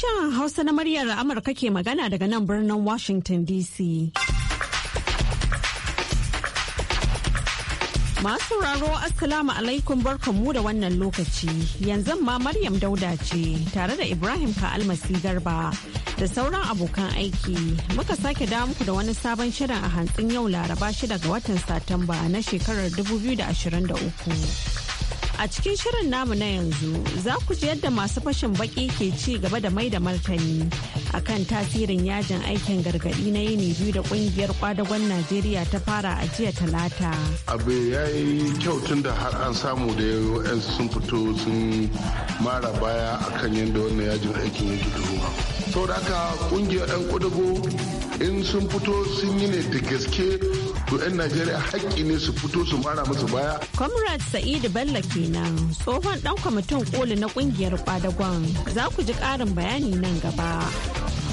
Sashen Hausa na muryar Amurka ke magana daga nan birnin Washington DC. Masu raro Assalamu alaikum barkanmu da wannan lokaci. Yanzu ma Maryam Dauda ce tare da Ibrahim Ka'almasi Garba da sauran abokan aiki. Muka sake da muku da wani sabon shirin a hantsin yau Laraba 6 ga watan satamba na shekarar 2023. A cikin shirin namu na yanzu za ku ji yadda masu fashin baki ke ci gaba da mai da martani A kan tasirin yajin aikin gargaɗi na yini biyu da ƙungiyar kwadagon Najeriya ta fara a jiya talata. Abu ya yi kyau tun da har an samu da yawan sun fito sun mara baya akan yadda wannan yajin aikin ke tafiya. Sau da haka ƙungiyar 'yan kwadago in sun fito sun yi ne da gaske to 'yan najeriya haƙƙi ne su fito su mara musu baya comrade sa'idu bello kenan tsohon ɗan kwamitin koli na ƙungiyar kwadagon za ku ji ƙarin bayani nan gaba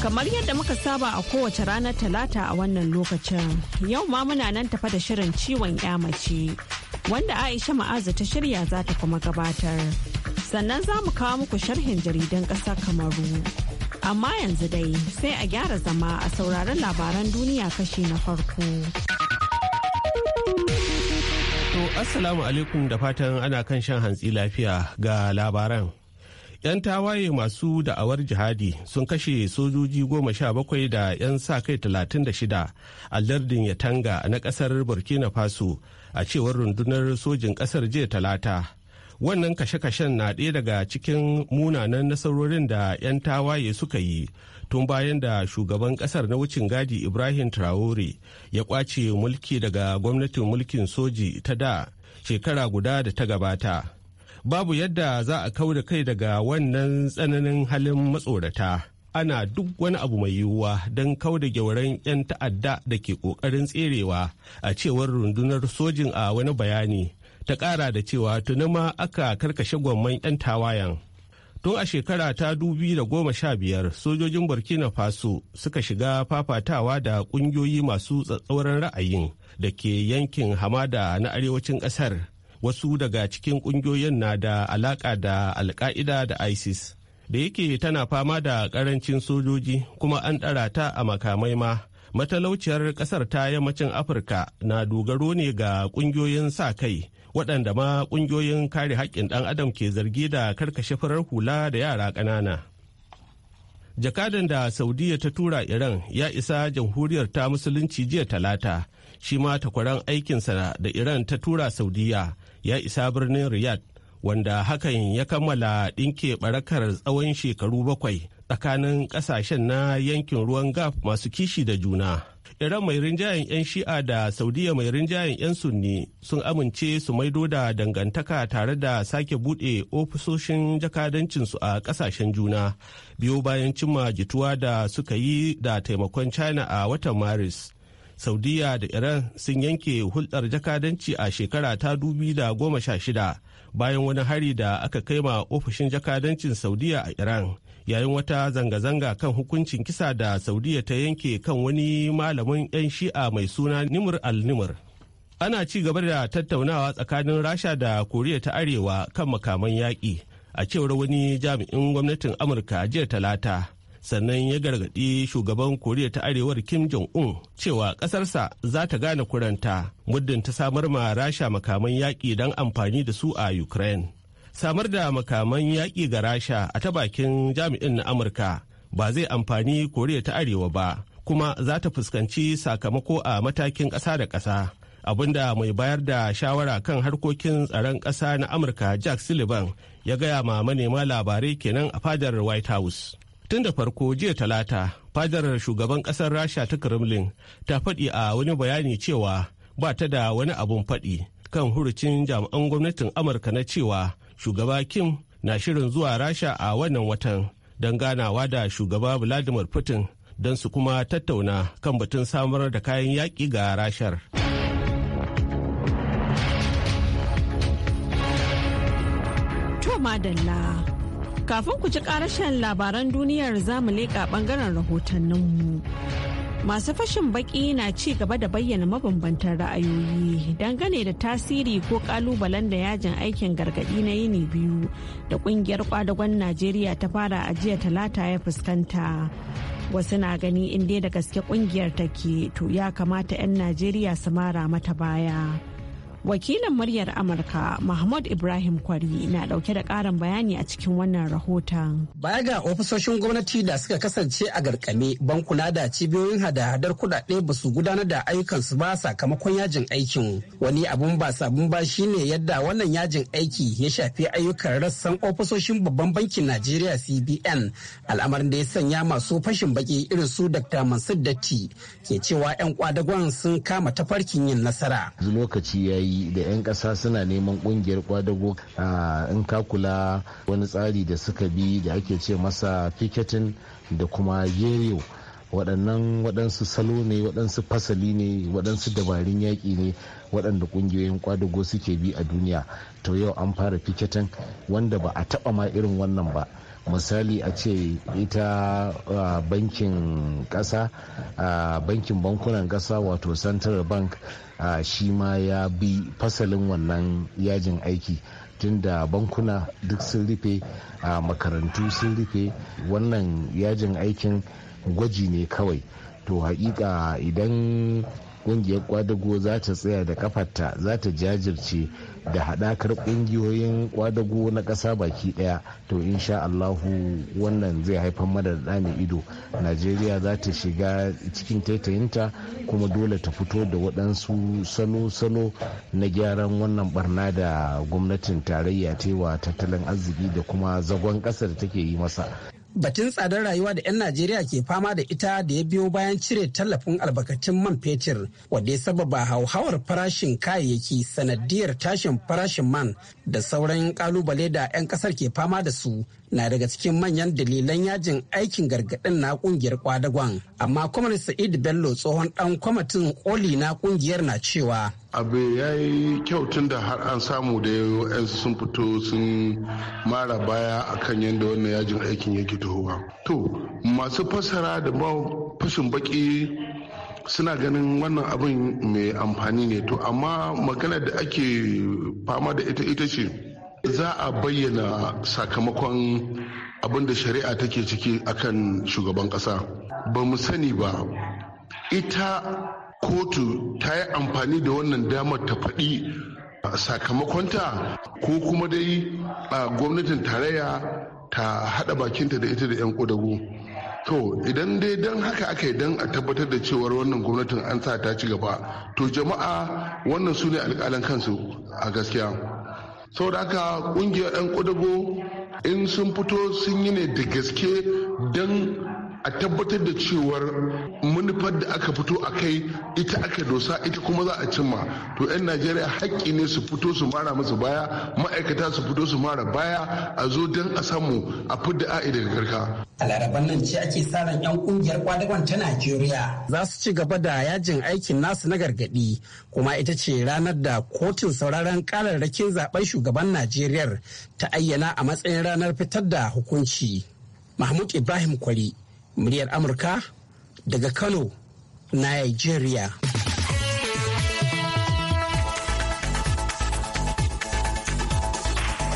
kamar yadda muka saba a kowace ranar talata a wannan lokacin yau ma muna nan tafa da shirin ciwon mace wanda aisha ma'azu ta shirya za ta kuma gabatar sannan za mu kawo muku sharhin jaridan ƙasar kamaru amma yanzu dai sai a gyara zama a sauraron labaran duniya kashi na farko. Assalamu alaikum da fatan ana kan shan hantsi lafiya ga labaran. 'Yan tawaye masu da'awar jihadi sun kashe sojoji goma sha bakwai da 'yan sa kai talatin da shida a lardin Yatanga na kasar Burkina Faso a cewar rundunar sojin kasar jiya talata wannan kashe-kashen na ɗaya daga cikin munanan nasarorin da 'yan tawaye suka yi tun bayan da shugaban ƙasar na wucin gadi ibrahim traore ya kwace mulki daga gwamnatin mulkin soji ta da shekara guda da ta gabata babu yadda za a kau da kai daga wannan tsananin halin matsorata ana duk wani abu mai yiwuwa don kau da gyauran 'yan ta'adda da ke ƙoƙarin tserewa a cewar rundunar sojin a wani bayani ta ƙara da cewa tuni ma aka karkashe gwamman 'yan tawayan Tun a shekara ta dubi da goma sha biyar sojojin Burkina Faso suka shiga fafatawa da ƙungiyoyi masu tsatsauran ra'ayin da ke yankin hamada na arewacin ƙasar. Wasu daga cikin ƙungiyoyin na da alaƙa da alka'ida da ISIS. Da yake tana fama da ƙarancin sojoji kuma an ɗara ta a makamai ma matalauciyar kasar ta yammacin afirka na dogaro ne ga kungiyoyin sa kai waɗanda ma kungiyoyin kare haƙƙin ɗan adam ke zargi da karkashe farar hula da yara ƙanana jakadan da saudiya ta tura iran ya isa jamhuriyar ta musulunci jiya talata shi ma takwaran aikinsa da iran ta tura saudiya ya isa birnin Riyad, wanda hakan ya kammala ɗinke barakar tsawon shekaru bakwai tsakanin kasashen na yankin ruwan gaf masu kishi da juna iran mai rinjayen 'yan shi'a da saudiya mai rinjayen 'yan sunni sun amince su maido da dangantaka tare da sake buɗe ofisoshin jakadancinsu a kasashen juna biyu bayan cimma jituwa da suka yi da taimakon china a watan maris saudiya da iran sun yanke hulɗar jakadanci a shekara ta da goma sha shida bayan wani hari da aka kai ma ofishin jakadancin saudiya a iran yayin wata zanga-zanga kan hukuncin kisa da saudiya ta yanke kan wani malamin 'yan shi'a mai suna nimr al-nimr ana ci gaba da tattaunawa tsakanin rasha da koriya ta arewa kan makaman yaƙi a cewar wani jami'in gwamnatin amurka jiya talata sannan ya gargaɗi shugaban koriya ta arewar kim jong-un cewa ƙasarsa za ta gane kuranta muddin ta samar ma rasha makaman yaƙi don amfani da su a ukraine samar da makaman yaƙi ga rasha a ta bakin jami'in na amurka ba zai amfani koriya ta arewa ba kuma za ta fuskanci sakamako a matakin ƙasa da ƙasa abinda mai bayar da shawara kan harkokin tsaron ƙasa na amurka jack sullivan ya gaya ma manema labarai kenan a fadar white house tun da farko jiya talata fadar shugaban ƙasar rasha ta kremlin ta faɗi a wani bayani cewa ba ta da wani abun faɗi kan hurucin jami'an gwamnatin amurka na cewa shugaba kim na shirin zuwa rasha a wannan watan don ganawa da shugaba vladimir putin don su kuma tattauna kan batun samar da kayan yaƙi ga rashar kafin ku ji ƙarashen labaran duniyar zamu leƙa ɓangaren rahotanninmu. Masu fashin baki na ci gaba da bayyana mabambantan ra'ayoyi dangane da tasiri ko kalubalen da yajin aikin gargadi na yini biyu da kungiyar kwadagon Najeriya ta fara a jiya talata ya fuskanta. wasu na gani in dai da gaske kungiyar take to ya kamata 'yan najeriya su mara mata baya Wakilin muryar Amurka Mahmud Ibrahim Kwari na dauke da karin bayani a cikin wannan rahoton. Baya ga ofisoshin gwamnati da suka kasance a garkame bankuna da cibiyoyin hada-hadar kudade ba su gudanar da ayyukansu ba sakamakon yajin aikin. Wani abun ba sabon ba shine yadda wannan yajin aiki ya shafi ayyukan rassan ofisoshin babban bankin Najeriya CBN al'amarin da ya sanya masu fashin baki irin su Dr. Mansur Datti ke cewa 'yan kwadagon sun kama tafarkin yin nasara. Lokaci ya yi da 'yan ƙasa suna neman ƙungiyar kwadago in ka kula wani tsari da suka bi da ake ce masa piketin da kuma yeyo waɗannan waɗansu salo ne waɗansu fasali ne waɗansu dabarun yaƙi ne waɗanda ƙungiyoyin kwadago suke bi a duniya to yau an fara piketin wanda ba a taɓa ma irin wannan ba misali a ce ita bankin ƙasa bankin bankunan ƙasa wato central bank a shi ma ya bi fasalin wannan yajin aiki tunda bankuna duk sun rufe a makarantu sun rufe wannan yajin aikin gwaji ne kawai to haƙiƙa idan kungiyar kwadago za ta tsaya da kafarta za ta jajirce da haɗakar kungiyoyin kwadago na ƙasa baki ɗaya to insha allahu wannan zai haifar mana da mai ido najeriya za ta shiga cikin taitayinta kuma dole ta fito da waɗansu salo-salo na gyaran wannan barna da gwamnatin tarayya ta wa tattalin arziki da kuma zagon ƙasa da take yi masa batun tsadar rayuwa da 'yan najeriya ke fama da ita da ya biyo bayan cire tallafin albarkatun man fetur wadda ya sababa hauhawar farashin kayayyaki sanadiyar tashin farashin man da sauran kalubale da 'yan kasar ke fama da su na daga cikin manyan dalilan yajin aikin gargadin na kungiyar kwadagon amma kwamar sa'id bello tsohon dan kwamitin koli na kungiyar na cewa abu ya yi kyau tun da har an samu da yansu sun fito sun mara baya a kan yadda wannan yajin aikin yake tohuwa to masu fasara da ba fashin baki suna ganin wannan abin mai amfani ne to amma magana da ake fama da ita ita ce za a bayyana sakamakon abin da shari'a take ciki akan shugaban kasa ba mu sani ba ita kotu ta yi amfani da wannan damar ta faɗi sakamakonta ko kuma dai a gwamnatin tarayya ta haɗa bakinta da ita da 'yan kudagu to idan dai don haka aka yi a tabbatar da cewar wannan gwamnatin an sa ta ci gaba to jama'a wannan su ne alƙalan kansu a gaskiya da haka kungiyar 'yan kudugo in sun fito sun yi ne da gaske don a tabbatar da cewar manufar da aka fito a kai ita aka dosa ita kuma za a cimma to 'yan najeriya haƙƙi ne su fito su mara musu baya ma'aikata su fito su mara baya a zo don a samu a fudda a'i daga karka a laraban nan ce ake sa ran 'yan kungiyar kwadagon ta najeriya za su ci gaba da yajin aikin nasu na gargaɗi kuma ita ce ranar da kotun sauraron kararrakin zaben shugaban Najeriya ta ayyana a matsayin ranar fitar da hukunci mahmud ibrahim kwari muryar amurka daga kano nigeria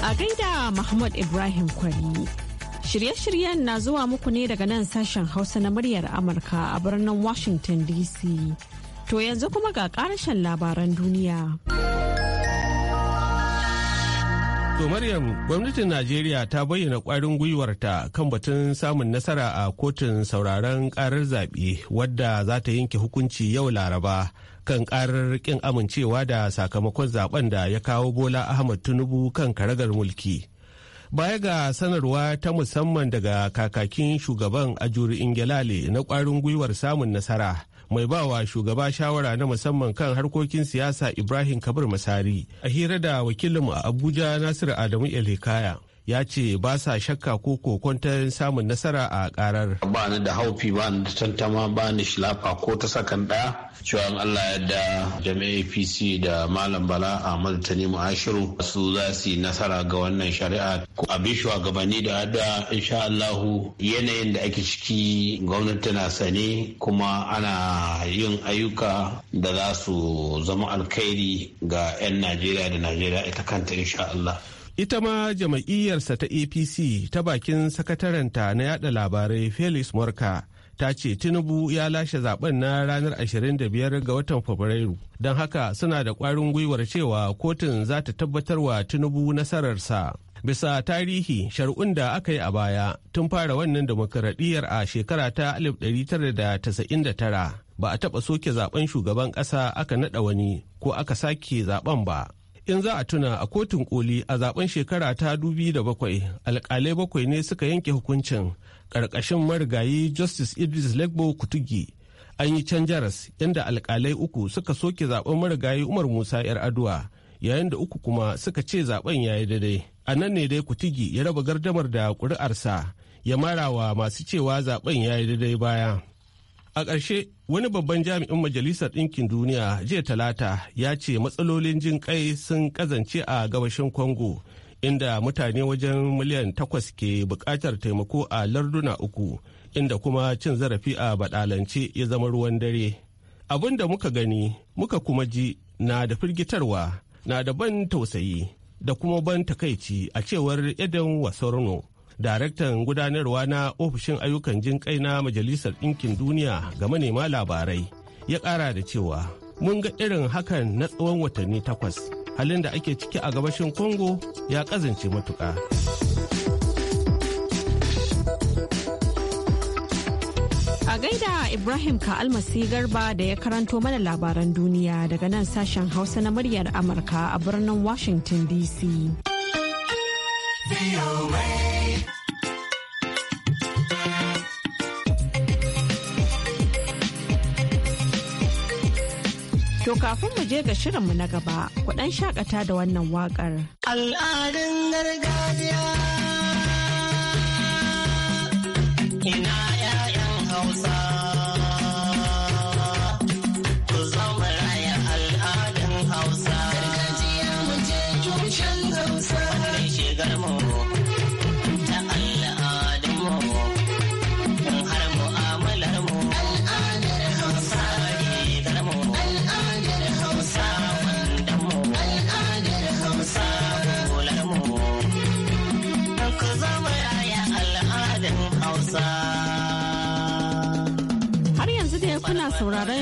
a gaida mahmud ibrahim kwari shirye-shiryen na zuwa muku ne daga nan sashen hausa na muryar amurka a birnin washington dc to yanzu kuma ga karashen labaran duniya. To Maryam, gwamnatin Najeriya ta bayyana ƙwarin gwiwarta kan batun samun nasara a kotun sauraron ƙarar zaɓe wadda za ta yanke hukunci yau Laraba kan ƙarar kin amincewa da sakamakon zaben da ya kawo Bola Ahmad Tinubu kan karagar mulki. Baya ga sanarwa ta musamman daga kakakin shugaban Ajuri Ingilale na kwarin gwiwar samun nasara. mai bawa shugaba shawara na musamman kan harkokin siyasa ibrahim kabir masari a hira da wakilinmu a abuja nasiru adamu elikaya ya ce ba sa shakka ko kokwantar samun nasara a karar. ba ni da haufi ba ni da tantama ba ni shilafa ko ta sakan daya cewa allah yadda jami'a apc da malam bala ahmad mu ashiru su za su yi nasara ga wannan shari'a ko abin shugabanni da hada insha allahu yanayin da ake ciki gwamnati tana sane kuma ana yin ayyuka da za su zama alkhairi ga 'yan najeriya da najeriya ita kanta insha allah ita ma jama'iyyarsa ta apc ta bakin sakataranta na yada labarai felix morka ta ce tinubu ya lashe zaben na ranar 25 ga watan fabrairu don haka suna da kwarin gwiwar cewa kotun za ta wa tinubu nasararsa bisa tarihi shari'un da aka yi a baya tun fara wannan demokaradiyyar a shekara ta 1999 ba a taɓa soke zaben shugaban ƙasa aka naɗa wani ko aka sake zaben ba in za a tuna a kotun koli a zaben shekara ta dubi da bakwai alkalai bakwai ne suka yanke hukuncin karkashin marigayi justice idris legbo kutugi an yi canjaras inda alkalai uku suka soke zaben marigayi umar musa yar aduwa yayin da uku kuma suka ce zaben yayi daidai a nan ne dai kutugi ya raba gardamar da ƙuri'arsa ya mara wa masu cewa zaben yayi daidai baya A ƙarshe wani babban jami'in Majalisar Ɗinkin Duniya jiya talata ya ce matsalolin jin kai sun kazance a gabashin Congo inda mutane wajen miliyan takwas ke buƙatar taimako a larduna uku inda kuma cin zarafi a baɗalance ya zama ruwan dare. Abin da muka gani muka kuma ji na da firgitarwa na da ban tausayi da kuma ban takaici a cewar Eden Wasorno daraktan gudanarwa na ofishin ayyukan jin kai na majalisar ɗinkin duniya ga manema labarai ya ƙara da cewa mun ga irin hakan na tsawon watanni takwas halin da ake ciki a gabashin congo ya ƙazance matuƙa. A gaida Ibrahim Ka'almasi Garba da ya karanto mana labaran duniya daga nan sashen Hausa na muryar Amurka a birnin Washington DC. To kafin mu je ga shirin mu na gaba, ku kuɗan shakata da wannan waƙar. Al'adun gargajiya ina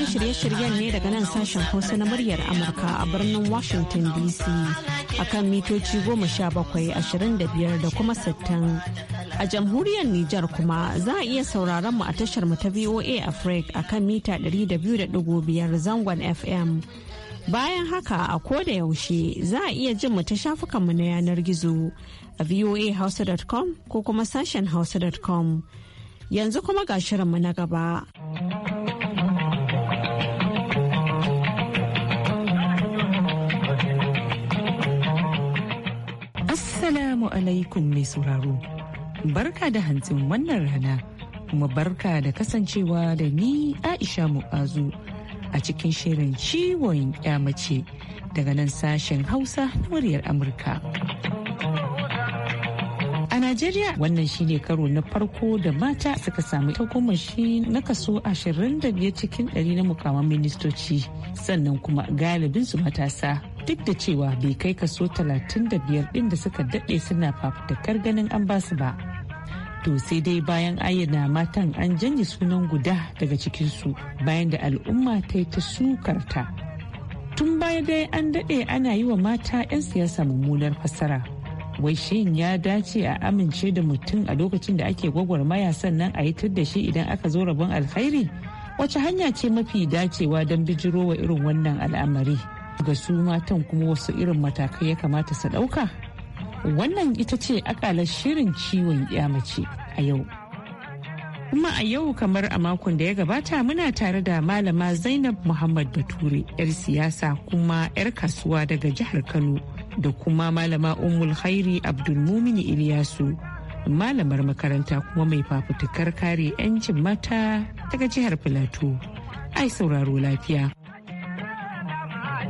shirye-shiryen ne daga nan sashen Hausa na muryar Amurka a birnin Washington DC akan mitoci goma sha bakwai ashirin da biyar da kuma sittin. A jamhuriyar Nijar kuma za a iya sauraron mu a tashar mu ta VOA Africa akan mita 200.5 zangon FM. Bayan haka a koda yaushe za a iya jin mu ta shafukanmu na yanar gizo a voahausa.com ko kuma sashen hausa.com. Yanzu kuma ga shirinmu na gaba. Assalamu alaikum mai sauraro. Barka da hantsin wannan rana, kuma barka da kasancewa da ni Aisha Mu'azu a cikin shirin ciwon mace daga nan sashen Hausa na muryar Amurka. A Najeriya wannan shine karo na farko da mata suka sami shi na kaso 25 cikin 100 na mukamman ministoci sannan kuma galibinsu matasa. duk da cewa bai kai kaso 35 ɗin da suka daɗe suna fafutukar ganin an basu ba to sai dai bayan ayyana matan an janye sunan guda daga cikinsu bayan da al'umma ta yi ta sukarta tun baya dai an daɗe ana yi wa mata 'yan siyasa mummunar fasara. wai shin ya dace a amince da mutum a lokacin da ake gwagwarmaya sannan a yi da shi idan aka zo rabon alkhairi wace hanya ce mafi dacewa don bijiro wa irin wannan al'amari ga su matan kuma wasu irin matakai ya kamata su ɗauka? Wannan ita ce akalar shirin ciwon mace a yau. Kuma a yau kamar a makon da ya gabata muna tare da malama Zainab Muhammad Bature 'yar siyasa kuma 'yar kasuwa daga jihar Kano da kuma malama Ummul Khairi Abdulmumini Iliyasu malamar makaranta kuma mai fafutukar kare 'yancin mata daga jihar Filato. Ai sauraro lafiya.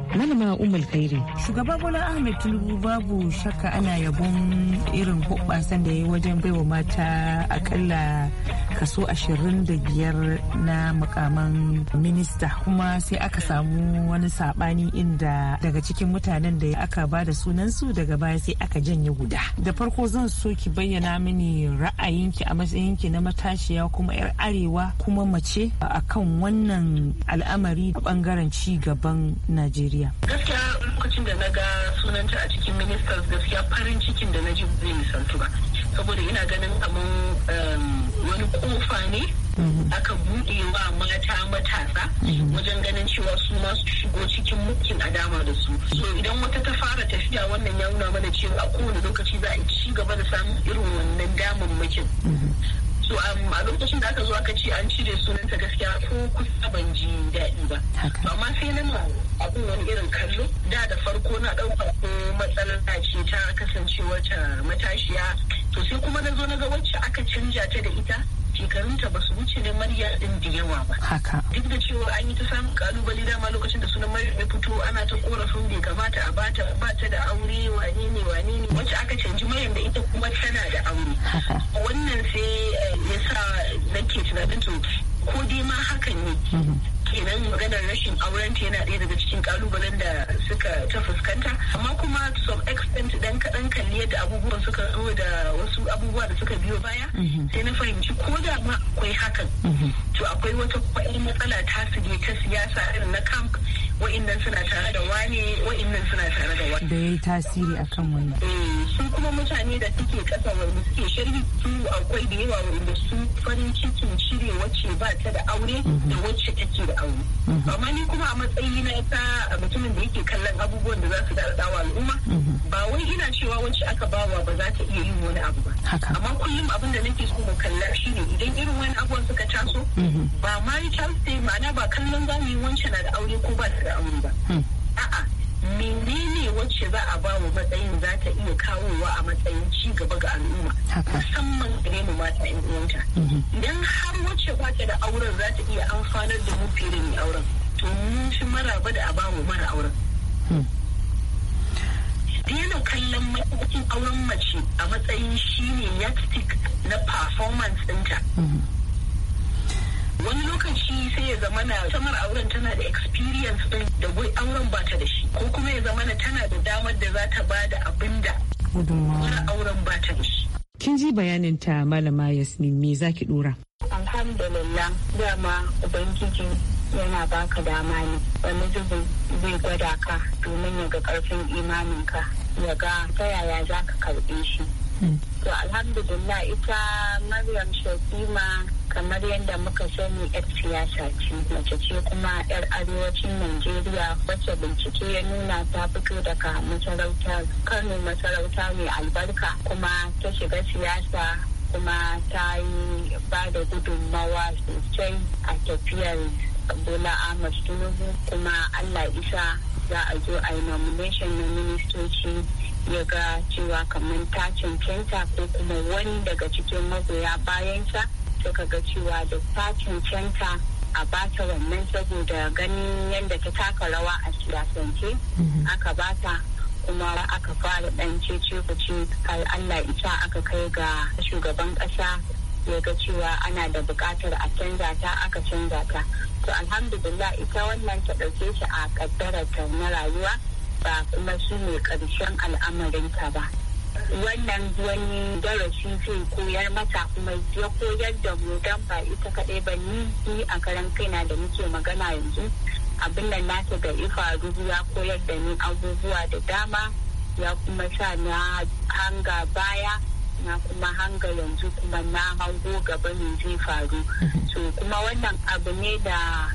Malama Umar Kairi. Shugaba Bola Ahmed Tinubu babu shakka ana yabon irin hubbasan da ya yi wajen baiwa mata akalla kaso ashirin da biyar na makaman minista kuma sai aka samu wani sabani inda daga cikin mutanen da ya aka ba da sunansu daga baya sai aka janye guda. Da farko zan so ki bayyana mini ra'ayinki a matsayinki na matashiya kuma 'yar arewa kuma mace a akan wannan al'amari a bangaren ci gaban Najeriya. Gaskiya lokacin da na ga sunanta a cikin ministers gaskiya farin cikin da na ji zai misaltu ba. Saboda ina ganin abin um, wani kofa ne mhm. aka buɗe wa mata matasa mhm. wajen ganin cewa su ma su shigo cikin mukin a dama da su. So idan wata ta fara tafiya wannan ya nuna mana cewa a kowane lokaci za a ci gaba da samun irin wannan damammakin. Mhm. so a lokacin da aka zo aka ce an cire sunanta gaskiya ko kusa ban ji daɗi ba amma sai na ma abin wani irin kallo da da farko na ɗauka ko matsala ce ta kasancewa ta matashiya to sai kuma na zo na ga wacce aka canja ta da ita haka ba su wuce ne neman yaɗin da yawa ba. Haka. Duk da cewa an yi ta samun kalubale dama lokacin da sunan Maryam ya fito ana ta korafin bai kamata a bata bata da aure wane ne wane ne wacce aka canji mayan da ita kuma tana da aure. Wannan sai eh, ya sa nake tunanin to ko dai ma hakan ne. Mm-hmm. kenan maganar rashin auren ta yana ɗaya daga cikin kalubalen da suka ta fuskanta amma kuma to some extent dan kaɗan kalli yadda abubuwan suka zo da wasu abubuwa da suka biyo baya mhm. sai na fahimci ko da ma akwai hakan mhm. to akwai wata kwayar matsala ta su ne ta siyasa irin na camp wa'innan suna tare da wane wa'innan suna tare da wane da ya yi tasiri akan wannan eh, su kuma mutane da suke kasa wanda suke shirin su akwai da yawa wanda su farin cikin cire wacce ba ta da aure da wacce take da aure amma ni kuma a matsayi na a mutumin da yake kallon abubuwan da za su daɗa wa al'umma ba wai ina cewa wacce aka bawa ba za ta iya yin wani abu ba amma kullum abin da nake so mu kalla shine idan irin wani abubuwan suka taso mm-hmm. ba ma yi ma'ana ba kallon za mu yi wancan na da aure ko ba ta da aure ba mm. a'a menene wacce za a ba wa matsayin za ta iya kawowa a matsayin ci gaba ga al'umma musamman gare mu mata yan uwanta mm-hmm. idan har wacce ba ta da auren za ta iya amfanar da mu fiye mai auren to mun fi maraba da a ba mu mara auren hmm. Dena kallon matsayin auren mace a matsayin shine yastik na performance ɗinta. Mm-hmm. wani lokaci sai ya zama na samar auren tana da experience din da wai auren ba ta da shi ko kuma ya zama na tana da damar da za ta bada abin da wani auren ba ta da shi kin ji bayanin ta malama yasmin me zaki dora alhamdulillah dama ubangiji yana baka dama ne wani zubin zai gwada ka domin ya ga karfin imaninka ya ga ta yaya za ka karɓe shi hmm. To alhamdulillah ita Maryam Shakima kamar yadda muka sani 'yar siyasa ce mace ce kuma 'yar arewacin Najeriya wacce bincike ya nuna ta fito daga masarauta Kano masarauta mai albarka kuma ta shiga siyasa kuma ta yi ba da gudunmawa sosai a tafiyar Bola Ahmad Tinubu kuma Allah isa za a zo a yi nomination na ministoci ya ga cewa kamar ta cancanta ko kuma wani daga cikin magoya bayansa suka ga cewa da ta cancanta a bata wannan saboda ganin yadda ta taka rawa a siyasance mhm. aka bata kuma aka fara dan cece ce har Allah ita aka kai ga shugaban kasa ya ga cewa ana da bukatar a canza ta aka canza ta to alhamdulillah ita wannan ta ɗauke shi a kaddarar ta na rayuwa ba kuma su ne ƙarshen ta ba wannan wani darasi zai koyar mata kuma ya koyar da mu dan ba ita kaɗai ba ni a karan kaina da muke magana yanzu abin nan ga da ifaru ya koyar da ni abubuwa da dama ya kuma sa na hanga baya na kuma hanga yanzu kuma na hango gaba ne zai faru so mhm. kuma wannan abu ne da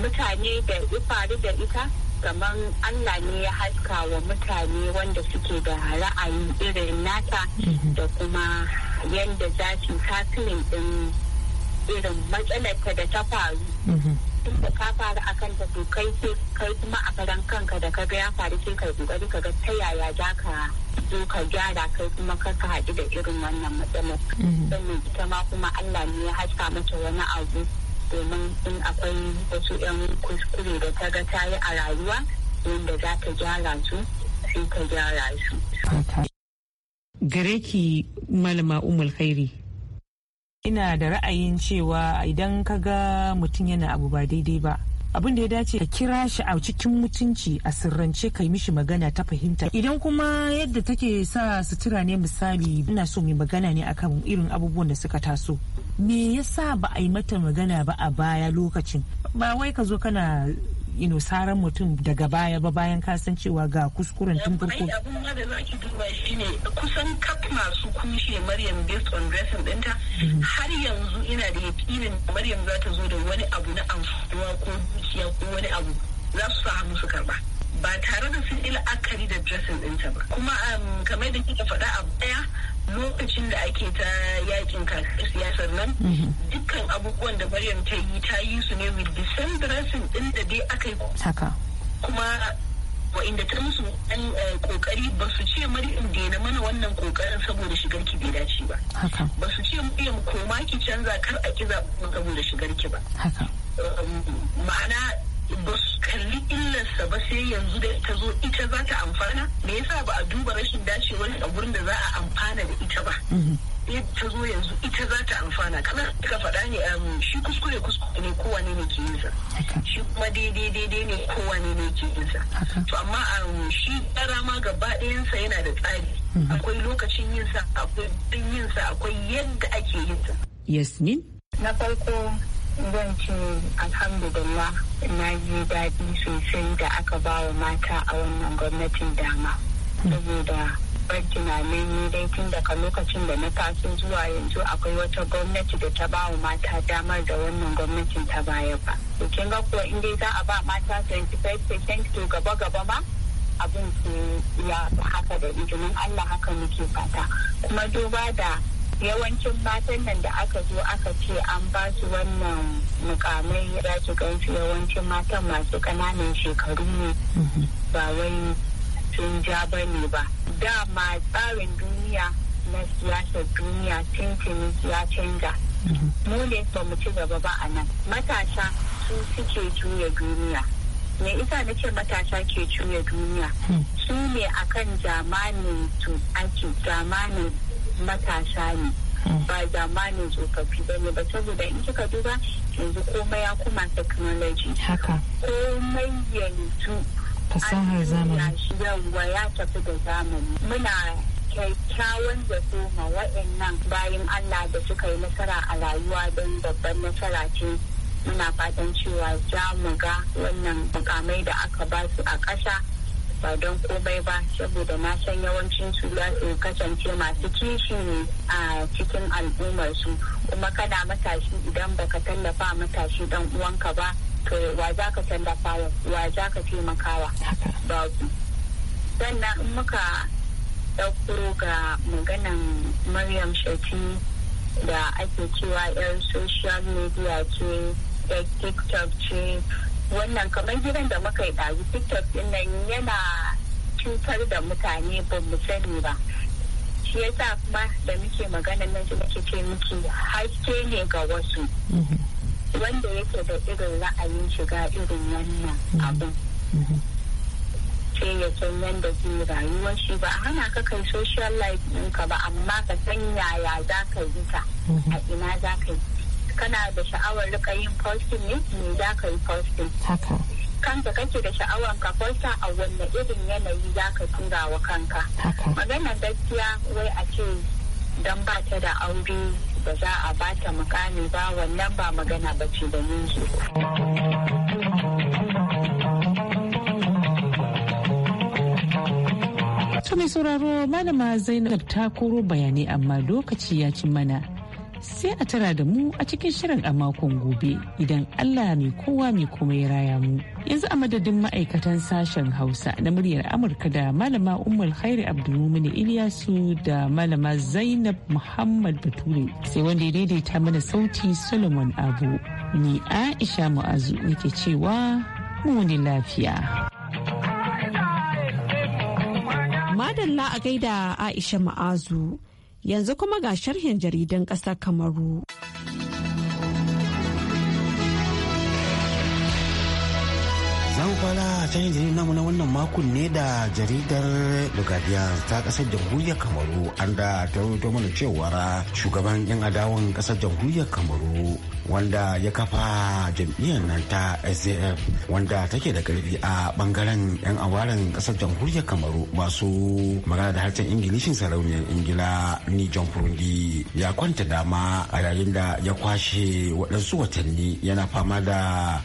mutane da ifaru da ita kamar Allah ne ya haska wa mutane wanda suke da ra'ayi irin nata mhm. da kuma yadda za su tasirin din irin matsalarta da ta faru mhm. tun ka faru a kan to kai kai kuma a karan kanka da ka ya faru sai kai kokari ka ga ta yaya za ka zo ka gyara kai kuma ka ka haɗu da irin wannan matsalar mhm. sannan ita ma kuma Allah ne ya haska mata wani abu domin in akwai wasu 'yan kuskure da ta ga ta yi a rayuwa wanda za ta gyara su sai ta gyara su. Gareki, malama umul khairi. Ina da ra'ayin cewa idan ka ga mutum yana abu ba daidai ba abin da ya dace ka kira shi a cikin mutunci a sirrance kai mishi magana ta fahimta idan kuma yadda take sa sutura ne misali ina so mai magana ne akan irin abubuwan da suka taso me yasa ba a yi mata magana ba a baya lokacin ba wai ka zo kana ino saran mutum daga baya ba bayan kasan cewa ga kuskuren tun farko abin ma da zaki duba shine kusan kap masu kushe Maryam based on dressing ɗinta mhm. har yanzu ina da yakinin Maryam za ta zo da wani abu na amfuwa ko dukiya ko wani abu za su sa hannu su karba ba tare da sun yi akari da dressing ɗinta ba kuma um, kamar da kika faɗa a baya lokacin da ake ta yakin siyasar nan mhm. dukkan abubuwan da Maryam ta yi ta yi su ne with the same dressing din da dai aka yi haka kuma wa'inda ta musu an kokari eh, ba su ce Maryam daina mana wannan kokarin saboda shigar ki bai dace ba ba su ce Maryam koma ki canza kar a ki zaɓi saboda shigar ki ba um, ma'ana ba kalli illarsa ba sai yanzu da ta zo ita za ta amfana me yasa ba a duba rashin dacewar a gurin da za a amfana da ita ba mhm. eh, ta zo yanzu ita za ta amfana kamar ka faɗa ne um, shi kuskure kuskure ne kowane ne ke yinsa shi kuma daidai daidai ne kowane ne ke yinsa to amma um, shi ɗara ma gaba ɗayansa yana da tsari mhm. akwai lokacin yinsa akwai yinsa akwai yadda ake yinsa yasmin na farko zan ce alhamdulillah na ji daɗi sosai da aka ba wa mata a wannan gwamnatin dama saboda bar tunanin ni dai tun daga lokacin da na taso zuwa yanzu akwai wata gwamnati da ta ba wa mata damar da wannan gwamnatin ta baya ba to kin ga kuwa in dai za a ba mata 25% to gaba gaba ma abin ya haka da izinin Allah haka muke fata kuma duba da yawancin matan nan da aka zo aka ce an ba su wannan mukamai za su gansu yawancin matan masu kananan shekaru ne mhm. ba wai sun ja ba ne ba dama tsarin duniya na siyasar duniya tintini ya canza. Mhm. mu ba mu ci gaba ba a nan matasa su suke juya duniya me isa na ce matasa ke juya duniya hmm. su ne akan jamanin su ake jamanin matasa ne ba zamanin tsofaffi ba ne ba saboda in kika duba yanzu komai ya kuma technology haka komai yanzu fasahar zamani shi yawa ya tafi da zamani muna kyakkyawan zato ma waɗannan bayan Allah da suka yi nasara a rayuwa don babban nasara ce muna fatan cewa za mu ga wannan mukamai da aka basu a ƙasa ba don komai ba saboda na san yawancin su kasance masu kishi ne a cikin al'ummar su kuma kana matashi idan baka tallafa matashi dan uwanka ba to wa za ka tallafa wa za ka taimakawa babu sannan in muka ɗaukuro ga maganan maryam shati da ake cewa 'yar social media ce da tiktok ce wannan kamar gidan da muka yi ɗari tiktok ɗin nan yana cutar da mutane ba mu sani ba shi ya sa kuma da muke magana nan shi muke ce muke haske ne ga wasu mm-hmm. wanda yake da irin ra'ayin shiga irin wannan mm-hmm. abin ce mm-hmm. ya san yadda zai rayuwar shi ba a hana ka kai social life ɗinka ba amma ka san yaya za ka yi ta a ina za ka yi kana da sha'awar rika yin posting ne me za ka yi posting haka kanka kake da sha'awar ka posta a wanne irin yanayi za ka tura wa kanka maganar gaskiya wai a ce don ba ta da aure da za a ba ta mukami ba wannan ba magana ba ce da yanzu. To sauraro malama Zainab ta koro bayanai amma lokaci ya ci mana. sai a tara da mu a cikin shirin a makon gobe idan Allah mai kowa mai kuma ya raya mu. Yanzu a madadin ma'aikatan sashen Hausa na muryar Amurka da Malama Ummul Khairi Abdulmumin Ilyasu da Malama Zainab Muhammad Bature sai wanda ya daidaita mana sauti Solomon Abu. Ni Aisha Mu'azu nake cewa mu ne lafiya. Madalla a gaida Aisha mu'azu. Yanzu kuma ga sharhin jaridan ƙasar Kamaru. Zan fara canjin jirgin namu na wannan makon ne da jaridar Lugadiya ta kasar jamhuriyar Kamaru an da ta rubuta mana cewa shugaban yan adawan kasar jamhuriyar Kamaru wanda ya kafa jam'iyyar nan ta sdf wanda take da karfi a bangaren 'yan awarin kasar jamhuriyar kamaru masu magana da harshen ingilishin sarauniyar ingila ni john furundi ya kwanta dama a yayin da ya kwashe waɗansu watanni yana fama da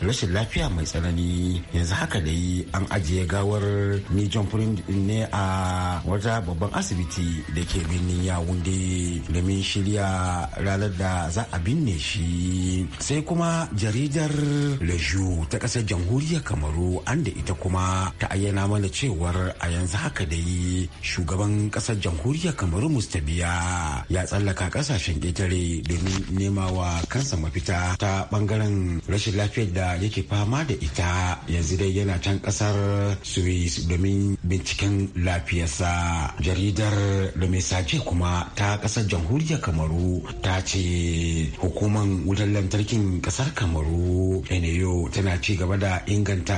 rashin lafiya mai tsanani yanzu haka dai an ajiye gawar ni john furundi ne a wata babban asibiti da ke birnin yawunde domin shirya ranar da za a binne shi sai kuma jaridar Leju ta ƙasar jamhuriyar Kamaru anda ita kuma ta ayyana mana cewar a yanzu haka da yi shugaban ƙasar jamhuriyar Kamaru Mustabiya ya tsallaka ƙasashen ƙetare domin nema wa kansa mafita ta ɓangaren rashin lafiyar da yake fama da ita yanzu dai yana can ƙasar Swiss domin binciken lafiyarsa jaridar da mai sace kuma ta ƙasar jamhuriyar Kamaru ta ce hukumar wutar lantarkin kasar kamaru eneyo tana ci gaba da inganta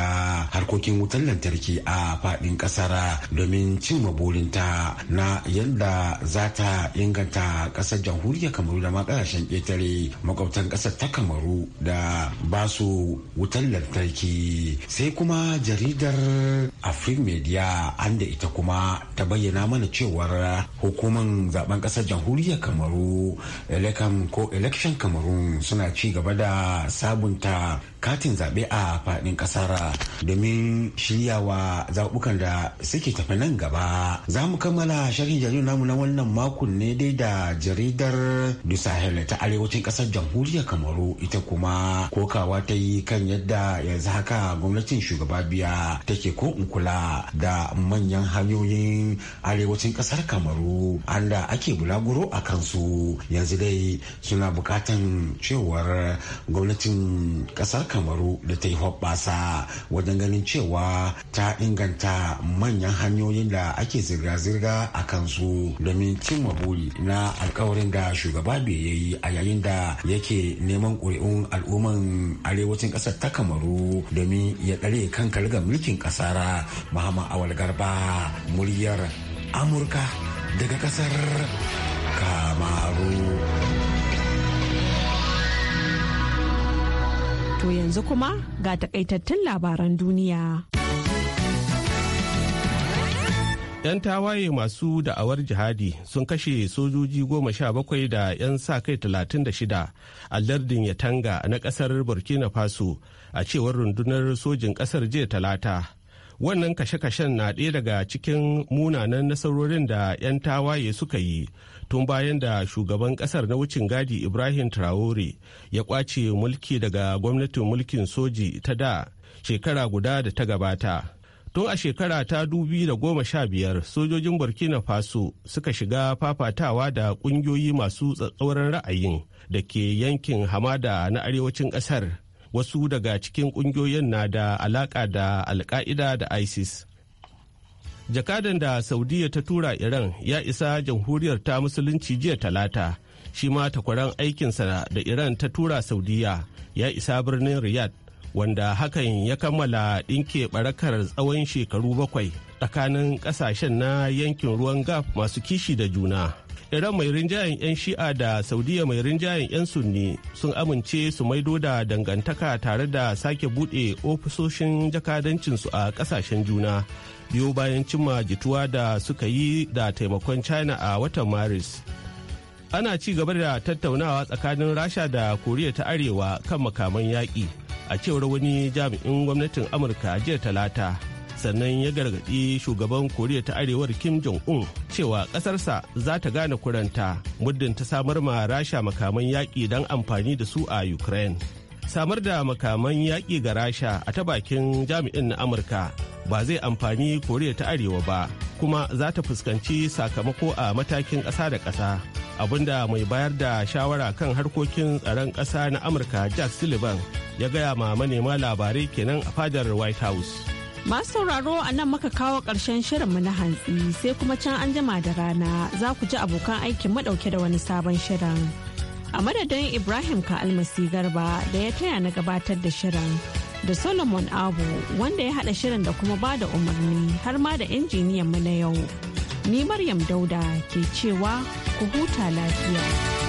harkokin wutar lantarki a faɗin kasar domin cimma burinta na yadda za ta inganta kasar jamhuriyar kamaru da ma ƙetare makwabtan kasar ta kamaru da ba su wutar lantarki sai kuma jaridar afrik media an da ita kuma ta bayyana mana cewar hukuman zaben kasar jamhuriyar kamaru elekam ko election kamaru suna ana ci gaba da sabunta katin zaɓe a faɗin ƙasar domin shirya wa zaɓukan da suke tafi nan gaba. Za mu kammala sharhin jaridar namu na wannan makon ne dai da jaridar Du ta arewacin ƙasar jamhuriya Kamaru ita kuma kokawa ta yi kan yadda yanzu haka gwamnatin shugaba biya take ko in kula da manyan hanyoyin arewacin ƙasar Kamaru anda ake bulaguro a kansu yanzu dai suna buƙatan cewar gwamnatin ƙasar kamaru da ta yi hoɓɓasa wajen ganin cewa ta inganta manyan hanyoyin da ake zirga-zirga a kansu domin cimma buri na alkawarin da shugaba bai yayi a yayin da yake neman ƙuri'un al'umman arewacin ƙasar ta kamaru domin ya ɗare kan kargar mulkin ƙasar mahama awal garba muryar amurka daga ƙasar kamaru. To yanzu kuma ga takaitattun labaran duniya. 'Yan tawaye masu da'awar jihadi sun kashe sojoji goma sha bakwai da 'yan sa kai talatin da shida a lardin Yatanga na kasar Burkina Faso a cewar rundunar sojin kasar jiya talata. Wannan kashe-kashen na ɗaya daga cikin munanan nasarorin da 'yan tawaye suka yi tun bayan da shugaban kasar na wucin gadi ibrahim traore ya kwace mulki daga gwamnatin mulkin soji ta da shekara guda da ta gabata tun a shekara ta dubi da goma sha biyar sojojin burkina faso suka shiga fafatawa da kungiyoyi masu tsatsauran ra'ayin da ke yankin hamada na arewacin kasar wasu daga cikin kungiyoyin na da alaka da alka'ida da isis jakadan da saudiya ta tura iran ya isa jamhuriyar ta musulunci jiya talata shi ma takwaran aikinsa da iran ta tura saudiya ya isa birnin riyad wanda hakan ya kammala ɗinke barakar tsawon shekaru bakwai tsakanin ƙasashen na yankin ruwan gaf masu kishi da juna iran mai rinjayen 'yan shi'a da saudiya mai rinjayen 'yan sunni sun amince su maido da dangantaka tare da sake buɗe ofisoshin jakadancinsu a ƙasashen juna biyo bayan cimma jituwa da suka yi da taimakon china a watan maris ana ci gaba da tattaunawa tsakanin rasha da koriya ta arewa kan makaman yaƙi a cewar wani jami'in gwamnatin amurka jiya talata sannan ya gargaɗi shugaban koriya ta arewar kim jong-un cewa ƙasarsa za ta gane kuranta muddin ta samar ma rasha makaman yaƙi don amfani da su a ukraine samar da makaman yaƙi ga rasha a ta bakin jami'in na amurka ba zai amfani koriya ta arewa ba kuma za ta fuskanci sakamako a matakin ƙasa da ƙasa abinda mai bayar da shawara kan harkokin tsaron ƙasa na amurka jack sullivan ya gaya ma manema labarai kenan a fadar white house masu sauraro a nan muka kawo ƙarshen shirinmu na hantsi sai kuma can an jima da rana za ku ji abokan aikin madauke da wani sabon shirin a madadin ibrahim ka almasi garba da ya taya na gabatar da shirin da Solomon Abu wanda ya haɗa shirin da kuma ba da umarni har ma da injiniyan mu na yau. Ni Maryam Dauda ke cewa ku huta lafiya.